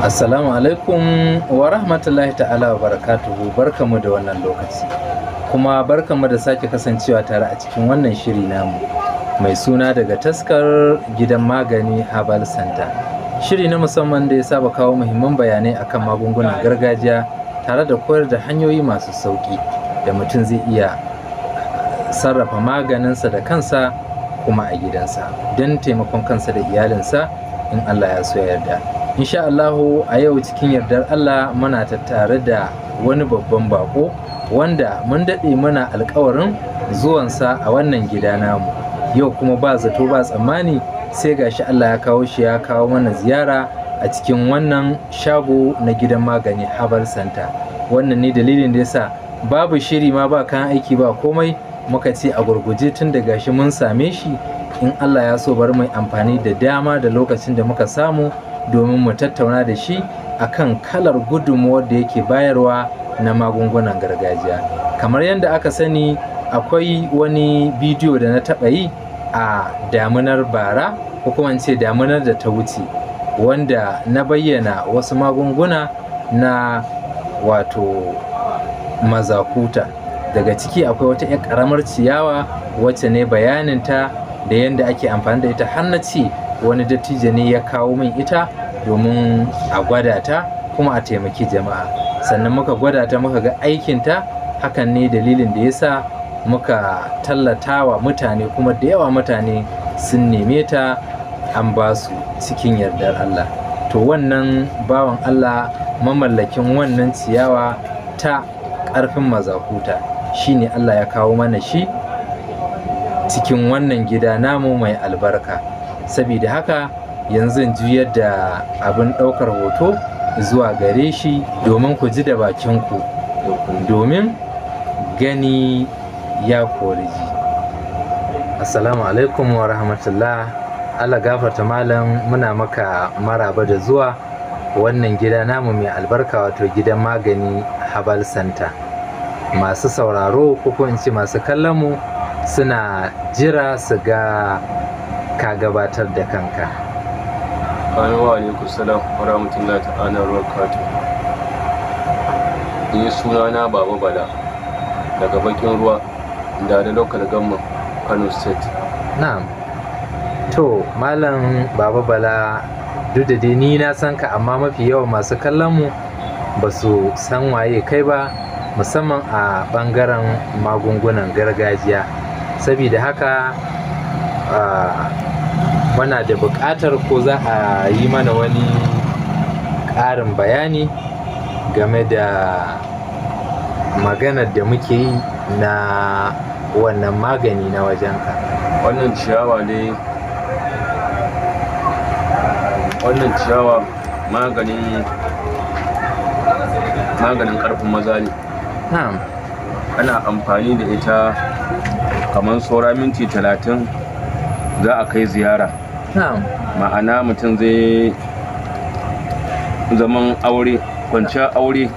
Assalamu alaikum wa rahmatullahi ta'ala wa barakatuhu barkamu da wannan lokaci kuma barkamu da sake kasancewa tare a cikin wannan shiri namu mai suna daga taskar gidan magani Herbal Center shiri na musamman da ya saba kawo muhimman bayanai akan magungunan gargajiya tare da koyar da hanyoyi masu sauki da mutum zai iya sarrafa maganinsa da kansa kuma a gidansa don taimakon kansa da iyalinsa in Allah ya so yarda insha Allah a yau cikin yardar Allah muna tattare da wani babban bako wanda mun daɗe muna alkawarin zuwansa a wannan gida namu yau kuma ba zato ba tsammani sai gashi Allah ya kawo shi ya kawo mana ziyara a cikin wannan shago na gidan magani Habar Santa wannan ne dalilin da yasa babu shiri ma ba kan aiki ba komai muka ce a gurguje tun da gashi mun same shi in Allah ya so bar mai amfani da dama da lokacin da muka samu domin mu tattauna da shi akan kalar gudunmuwar da yake bayarwa na magungunan gargajiya kamar yadda aka sani akwai wani bidiyo da na taɓa yi a damunar bara ko kuma ce damunar da ta wuce wanda na bayyana wasu magunguna na wato mazakuta daga ciki akwai wata 'yar karamar ciyawa wacce ne bayanin ta da yadda ake amfani da ita har na ci wani dattijo ne ya kawo min ita domin a gwada ta kuma a taimaki jama'a sannan muka gwada ta muka ga aikin ta hakan ne dalilin da ya sa muka tallata wa mutane kuma da yawa mutane sun neme ta an ba su cikin yardar Allah to wannan bawan Allah mamallakin wannan ciyawa ta ƙarfin mazakuta Shi ne Allah ya kawo mana shi cikin wannan gida namu mai albarka saboda haka yanzu juyar da abin ɗaukar hoto zuwa gare shi domin ku ji da bakin ku, domin gani ya kori ji assalamu alaikum wa rahmatullah Allah gafarta malam muna maka maraba da zuwa wannan gida namu mai albarka wato gidan magani habal santa masu sauraro ko in ce masu kallon mu suna jira su ga ka gabatar da kanka wa alaikum salam wa rahmatullahi ta'ala wa barakatuh ni na baba bala daga bakin ruwa da da local gamma Kano state na'am to malam baba bala duk da dai ni na san ka amma mafi yawan masu kallon mu ba su san waye kai ba musamman a ɓangaren magungunan gargajiya sabida haka muna da buƙatar ko za a yi mana wani ƙarin bayani game da maganar da muke yi na wannan magani na wajenka wannan ciyawa ne wannan ciyawa maganin maganin ƙarfin maza ne ana amfani da ita kamar saura minti talatin za a kai ziyara ma'ana mutum zai zaman aure kwanciyar aure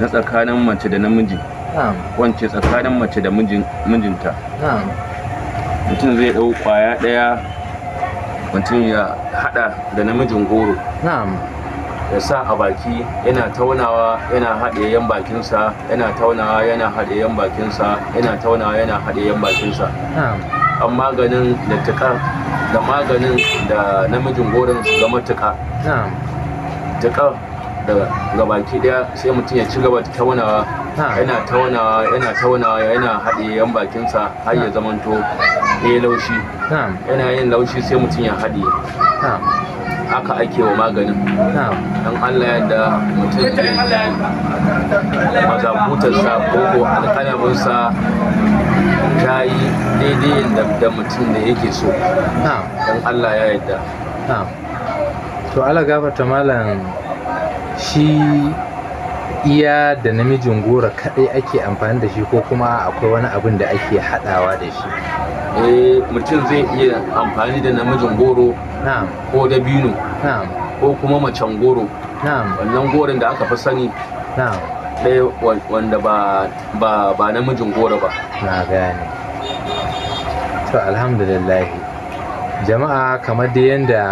na tsakanin mace da namiji kwanci tsakanin mace da mijinta mutum zai ɗau kwaya ɗaya mutum ya haɗa da namijin goro ya sa a baki yana taunawa yana haɗe yan bakinsa yana taunawa yana haɗe yan bakinsa yana taunawa yana haɗe yan bakinsa an maganin da tuka da maganin da namijin goron su zama tuka tuka ga gabaki ɗaya sai mutum ya ci gaba da taunawa yana taunawa yana taunawa yana haɗe yan bakinsa har ya zamanto ya laushi yana yin laushi sai mutum ya haɗe haka ake wa maganin don allah yadda mutum zai mazabutarsa ko alkalaminsa ta yi daidai da mutum da yake so don allah ya yadda to ala gafarta malam shi iya da namijin gora kadai ake amfani da shi ko kuma akwai wani abin da ake haɗawa da shi Eh, mutum zai iya amfani da namijin goro ko da bino ko kuma macen goro wannan goron da aka fi sani ɗaya wanda ba namijin goro ba na gane to alhamdulillah jama'a kamar da yadda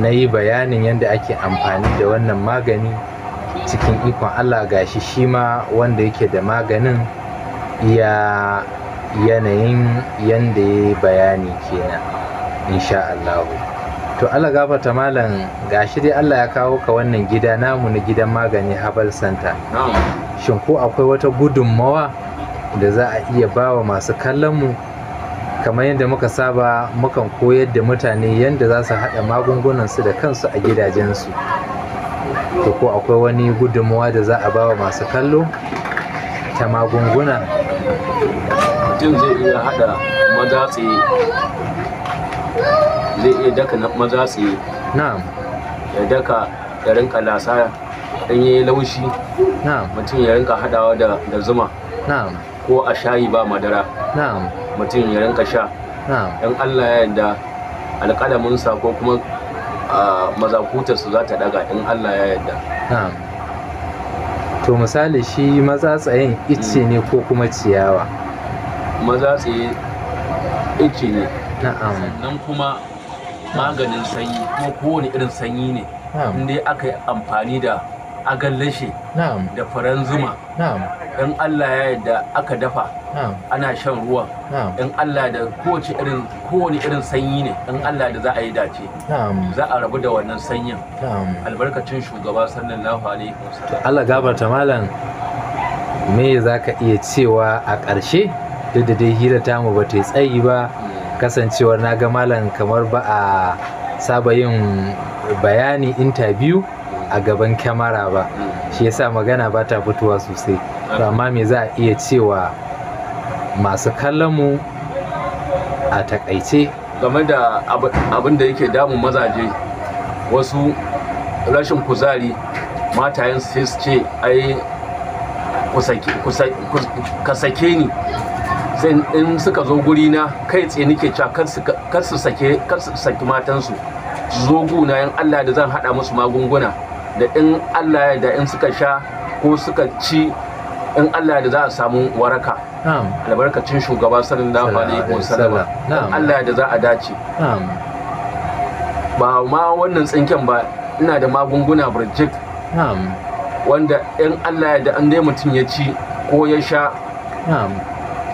na yi bayanin yadda ake amfani da wannan magani cikin ikon allah gashi shi ma wanda yake da maganin ya yanayin yanda yai bayani kenan insha Allahu to Allah gafarta malam gashi dai Allah ya kawo ka wannan gida namu na gidan magani Herbal Center shin ko akwai wata gudunmawa da za a iya bawa masu kallon mu kamar yadda muka saba mukan koyar da mutane yadda za su haɗa magungunansu da kansu a gidajensu to ko akwai wani gudunmawa da za a ba wa masu kallo ta magunguna mutum zai iya haɗa maza tsaye zai iya daka maza tsaye ya daka ya rinka lasa ɗan yi laushi mutum ya rinka haɗawa da zuma ko a shayi ba madara mutum ya rinka sha ɗan allah ya yarda alƙalaminsa ko kuma mazakutarsu za ta daga ɗan allah ya yarda to misali shi mazatsayin icce ne ko kuma ciyawa maza tsaye ake ne sannan kuma maganin sanyi kuma kowane irin sanyi ne inda aka yi amfani da agallashe da faran zuma in Allah ya yadda aka dafa ana shan ruwa in Allah da kowace irin kowane irin sanyi ne in Allah da za a yi dace za a rabu da wannan sanyin albarkacin shugaba sannan alaihi Allah gabata malam me za ka iya cewa a ƙarshe duk da dai hira ta mu ba ta tsayi ba mm. kasancewar na ga malam kamar ba a saba yin bayani interview a mm. gaban kyamara ba mm. shi yasa magana ba ta fitowa sosai to amma me za a iya cewa masu kallon a takaice game da abin da yake damun mazaje wasu rashin kuzari matayen sai su ce ai ka sake ni in suka zo guri na kai tsaye nake cewa kar su sake kar su saki matansu su zo guna yan Allah da zan hada musu magunguna da in Allah da in suka sha ko suka ci in Allah da za a samu waraka albarkacin shugaba sallallahu alaihi wasallam Allah da za a dace ba ma wannan tsinken ba ina da magunguna birjik wanda in Allah da an dai mutum ya ci ko ya sha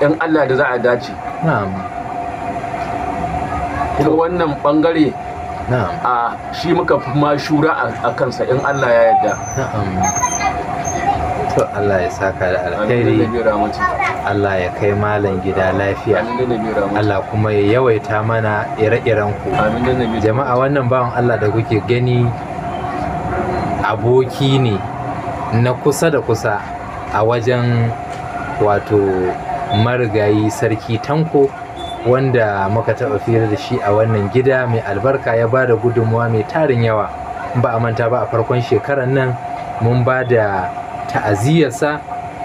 'yan Allah da za a dace kuma wannan bangare a shi muka fi ma shura a kansa in Allah ya yarda to Allah ya saka da alkhairi Allah ya kai malam gida lafiya Allah kuma ya yawaita mana ire-iren ku jama'a wannan bawan Allah da kuke gani aboki ne na kusa da kusa a wajen wato marigayi sarki tanko wanda muka taɓa fira da shi a wannan gida mai albarka ya ba da gudunmuwa mai tarin yawa ba a manta ba a farkon shekarar nan mun ba da ta'aziyarsa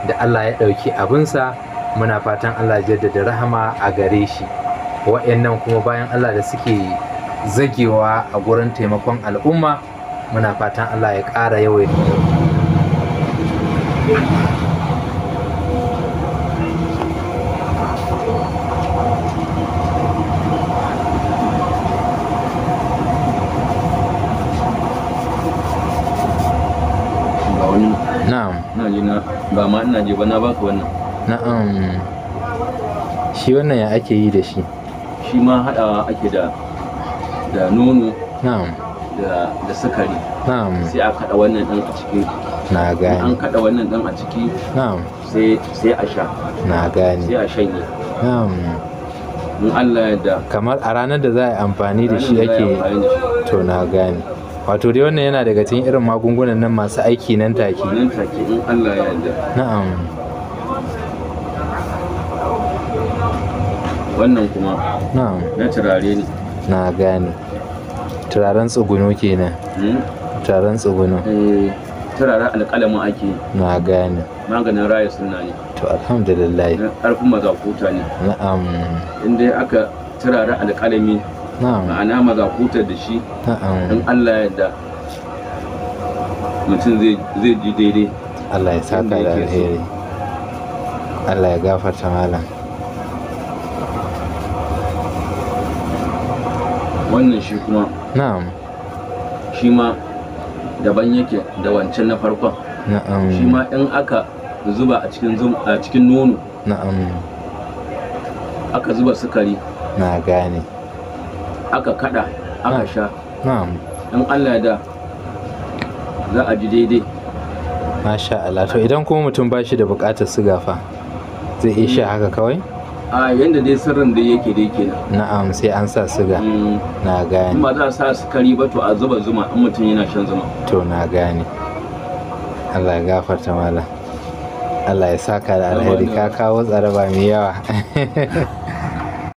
da allah ya ɗauki abinsa muna fatan allah jaddada rahama a gare shi wa'annan kuma bayan allah da suke zagewa a gurin taimakon al'umma muna fatan allah ya ƙara yawaita na ba ma ina je ba na baka wannan na'am shi wannan ya ake yi da shi shi ma haɗawa ake da da nono na'am da da sukari na'am sai a kada wannan dan a ciki na gane an kada wannan dan a ciki na'am sai sai a sha na gane sai a shanye na'am in Allah ya da kamar a ranar da za a yi amfani da shi ake to na gane wato dai wannan yana daga cikin irin magungunan nan masu aiki nan take nan take in Allah ya yarda na'am wannan kuma na'am na turare ne na gane turaren tsuguno kenan hmm? turaren tsuguno eh, turaren alƙalamin ake na gane maganin raya suna ne to alhamdulillah ƙarfin mazakuta ne na'am in dai aka turaren alƙalami ma'ana mazakutar da shi in Allah yadda mutum zai ji daidai Allah ya saka da alheri Allah ya gafarta malam wannan shi kuma na'am shi ma daban yake da wancan na farkon na'am shi ma in aka zuba a cikin a cikin nono na'am aka zuba sukari na gane aka kada aka sha in allah da za a ji daidai masha Allah to idan kuma mutum ba shi da bukatar siga fa zai iya sha haka kawai a yanda dai sirrin da yake da yake na'am sai an sa siga mm. na gane ba za a sa sukari ba to a zuba zuma in mutum yana shan zuma to na gane Allah ya gafarta mala. Allah ya saka da alheri ka kawo tsaraba mai yawa